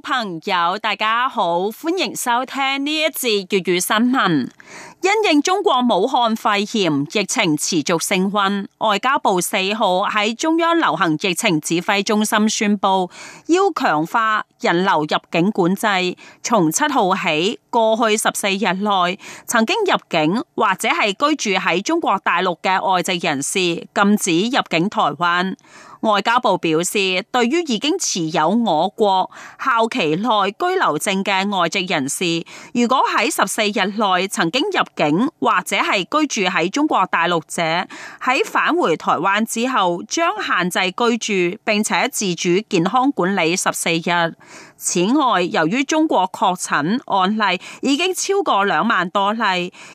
朋友，大家好，歡迎收聽呢一節粵語新聞。因應中國武漢肺炎疫情持續升温，外交部四號喺中央流行疫情指揮中心宣布，要強化人流入境管制。從七號起，過去十四日內曾經入境或者係居住喺中國大陸嘅外籍人士禁止入境台灣。外交部表示，對於已經持有我國效期內居留證嘅外籍人士，如果喺十四日內曾經入境或者係居住喺中國大陸者，喺返回台灣之後將限制居住，並且自主健康管理十四日。此外，由於中國確診案例已經超過兩萬多例，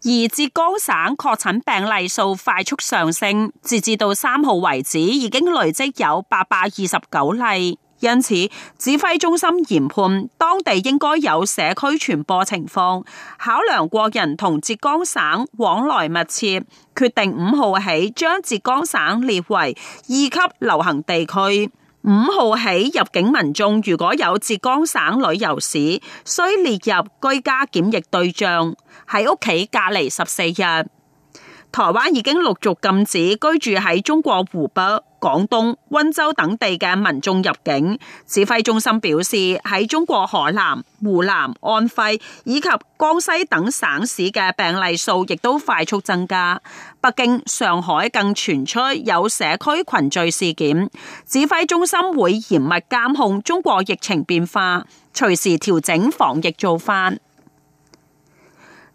而浙江省確診病例數快速上升，截至到三號為止，已經累積有八百二十九例。因此，指揮中心研判當地應該有社區傳播情況，考量國人同浙江省往來密切，決定五號起將浙江省列為二級流行地區。五號起入境民眾如果有浙江省旅遊史，需列入居家檢疫對象，喺屋企隔離十四日。台灣已經陸續禁止居住喺中國湖北、廣東、溫州等地嘅民眾入境，指揮中心表示，喺中國海南、湖南、安徽以及江西等省市嘅病例數亦都快速增加。北京、上海更傳出有社區群聚事件。指揮中心會嚴密監控中國疫情變化，隨時調整防疫做法。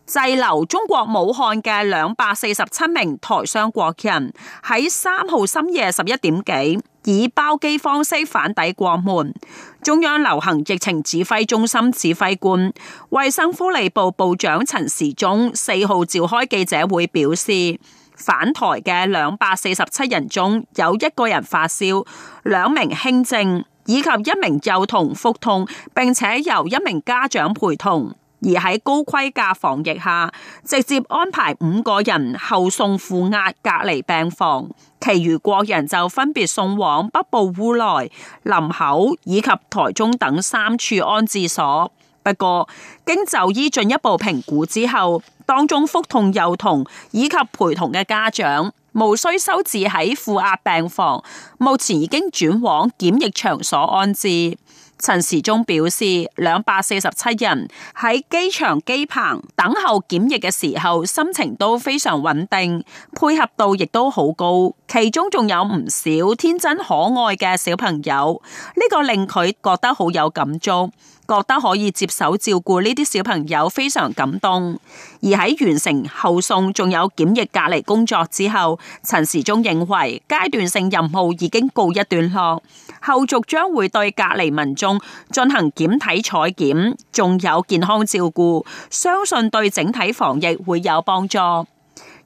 滯留中國武漢嘅兩百四十七名台商國人，喺三號深夜十一點幾，以包機方式返抵國門。中央流行疫情指揮中心指揮官、衛生福利部部長陳時中四號召開記者會表示，返台嘅兩百四十七人中，有一個人發燒，兩名輕症，以及一名幼童腹痛，並且由一名家長陪同。而喺高規格防疫下，直接安排五個人後送負壓隔離病房，其餘國人就分別送往北部烏來、林口以及台中等三處安置所。不過，經就醫進一步評估之後，當中腹痛幼童以及陪同嘅家長無需收治喺負壓病房，目前已經轉往檢疫場所安置。陳時中表示，兩百四十七人喺機場機棚等候檢疫嘅時候，心情都非常穩定，配合度亦都好高，其中仲有唔少天真可愛嘅小朋友，呢、這個令佢覺得好有感觸。覺得可以接手照顧呢啲小朋友，非常感動。而喺完成後送仲有檢疫隔離工作之後，陳時中認為階段性任務已經告一段落，後續將會對隔離民眾進行檢體採檢，仲有健康照顧，相信對整體防疫會有幫助。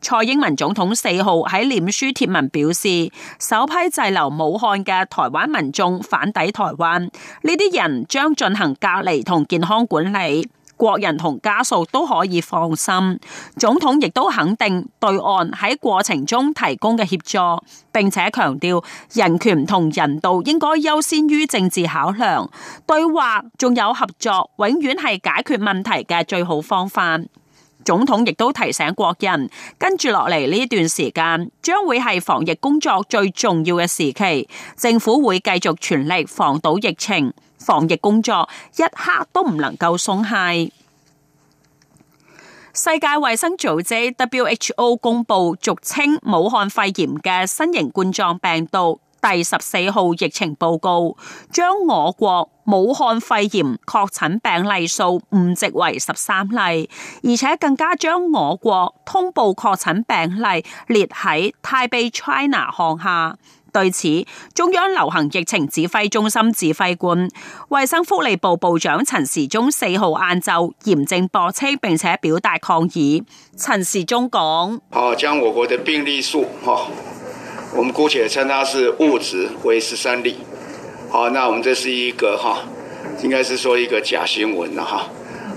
蔡英文總統四總統亦都提醒國人，跟住落嚟呢一段時間將會係防疫工作最重要嘅時期，政府會繼續全力防堵疫情，防疫工作一刻都唔能夠鬆懈。世界衛生組織 WHO 公布俗稱武漢肺炎嘅新型冠狀病毒第十四號疫情報告，將我國武漢肺炎確診病例數誤值為十三例，而且更加將我國通報確診病例列喺泰貝 China 項下。對此，中央流行疫情指揮中心指揮官、衛生福利部部長陳時中四號晏晝嚴正駁斥，並且表達抗議。陳時中講：將我國的病例數，我們姑且稱它是誤值為十三例。好，那我們這是一個哈，應該是說一個假新聞啦哈，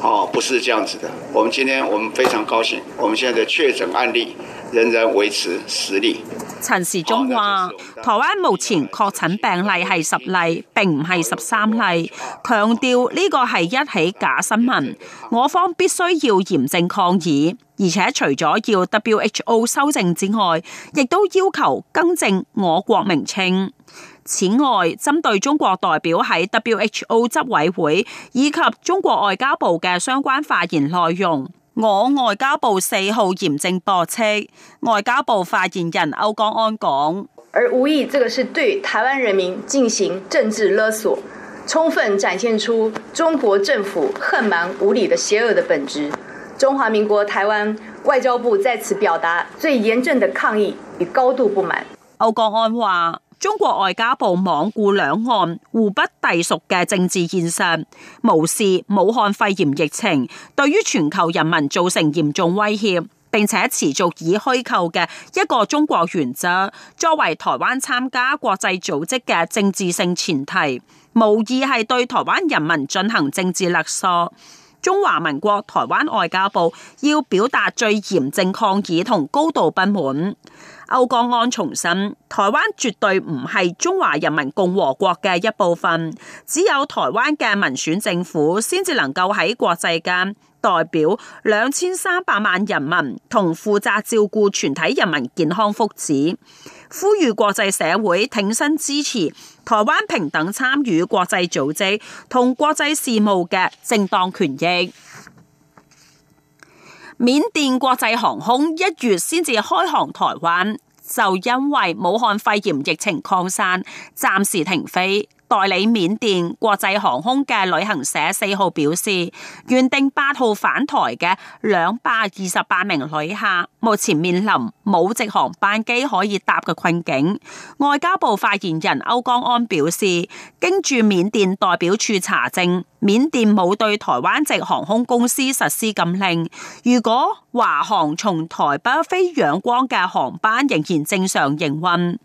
哦，不是這樣子的。我們今天我們非常高興，我們現在的確診案例仍然維持十例。陳時中話，台灣目前確診病例係十例，並唔係十三例，強調呢個係一起假新聞，我方必須要嚴正抗議，而且除咗要 WHO 修正之外，亦都要求更正我國名稱。此外，針對中國代表喺 WHO 執委會以及中國外交部嘅相關發言內容，我外交部四號嚴正駁斥。外交部發言人歐江安講，而無意，這個是對台灣人民進行政治勒索，充分展現出中國政府橫蠻無理的邪惡的本質。中華民國台灣外交部在此表達最嚴正的抗議與高度不滿。歐江安話。中國外交部罔顧兩岸互不隸屬嘅政治現實，無視武漢肺炎疫情對於全球人民造成嚴重威脅，並且持續以虛構嘅一個中國原則作為台灣參加國際組織嘅政治性前提，無疑係對台灣人民進行政治勒索。中華民國台灣外交部要表達最嚴正抗議同高度不滿。歐江安重申，台灣絕對唔係中華人民共和國嘅一部分，只有台灣嘅民選政府先至能夠喺國際間代表兩千三百萬人民同負責照顧全體人民健康福祉，呼籲國際社會挺身支持台灣平等參與國際組織同國際事務嘅正當權益。緬甸國際航空一月先至開航台灣，就因為武漢肺炎疫情擴散，暫時停飛。代理緬甸國際航空嘅旅行社四號表示，原定八號返台嘅兩百二十八名旅客目前面臨冇直航班機可以搭嘅困境。外交部發言人歐江安表示，經駐緬甸代表處查證，緬甸冇對臺灣籍航空公司實施禁令。如果華航從台北飛仰光嘅航班仍然正常營運，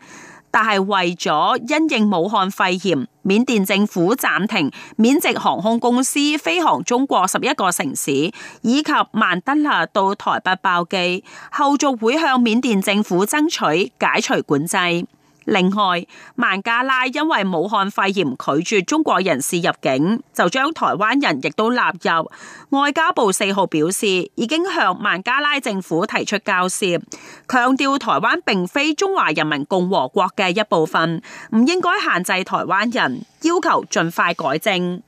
但係為咗因應武漢肺炎。緬甸政府暫停緬籍航空公司飛航中國十一個城市，以及曼德勒到台北包機，後續會向緬甸政府爭取解除管制。另外，孟加拉因為武漢肺炎拒絕中國人士入境，就將台灣人亦都納入。外交部四號表示，已經向孟加拉政府提出交涉，強調台灣並非中華人民共和國嘅一部分，唔應該限制台灣人，要求儘快改正。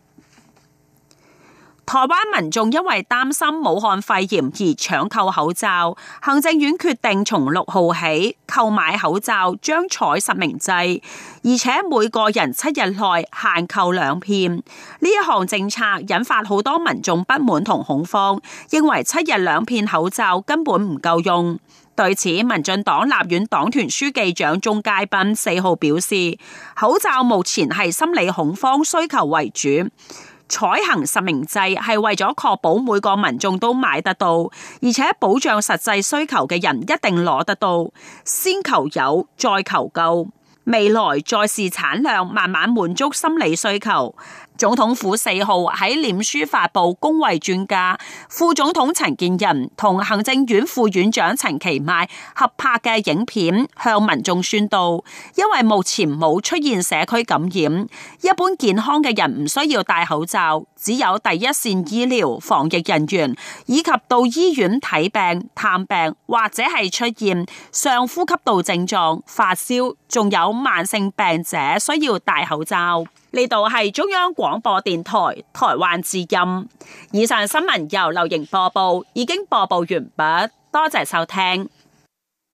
台灣民眾因為擔心武漢肺炎而搶購口罩，行政院決定從六號起購買口罩將採實名制，而且每個人七日內限購兩片。呢一項政策引發好多民眾不滿同恐慌，認為七日兩片口罩根本唔夠用。對此，民進黨立院黨團書記長鍾介斌四號表示：口罩目前係心理恐慌需求為主。採行實名制係為咗確保每個民眾都買得到，而且保障實際需求嘅人一定攞得到。先求有，再求夠，未來再視產量慢慢滿足心理需求。總統府四號喺臉書發佈公衛專家、副總統陳建仁同行政院副院長陳其邁合拍嘅影片，向民眾宣導：因為目前冇出現社區感染，一般健康嘅人唔需要戴口罩，只有第一線醫療防疫人員以及到醫院睇病、探病或者係出現上呼吸道症狀、發燒，仲有慢性病者需要戴口罩。呢度係中央廣播電台台灣之音。以上新聞由劉瑩播報，已經播報完畢。多謝收聽。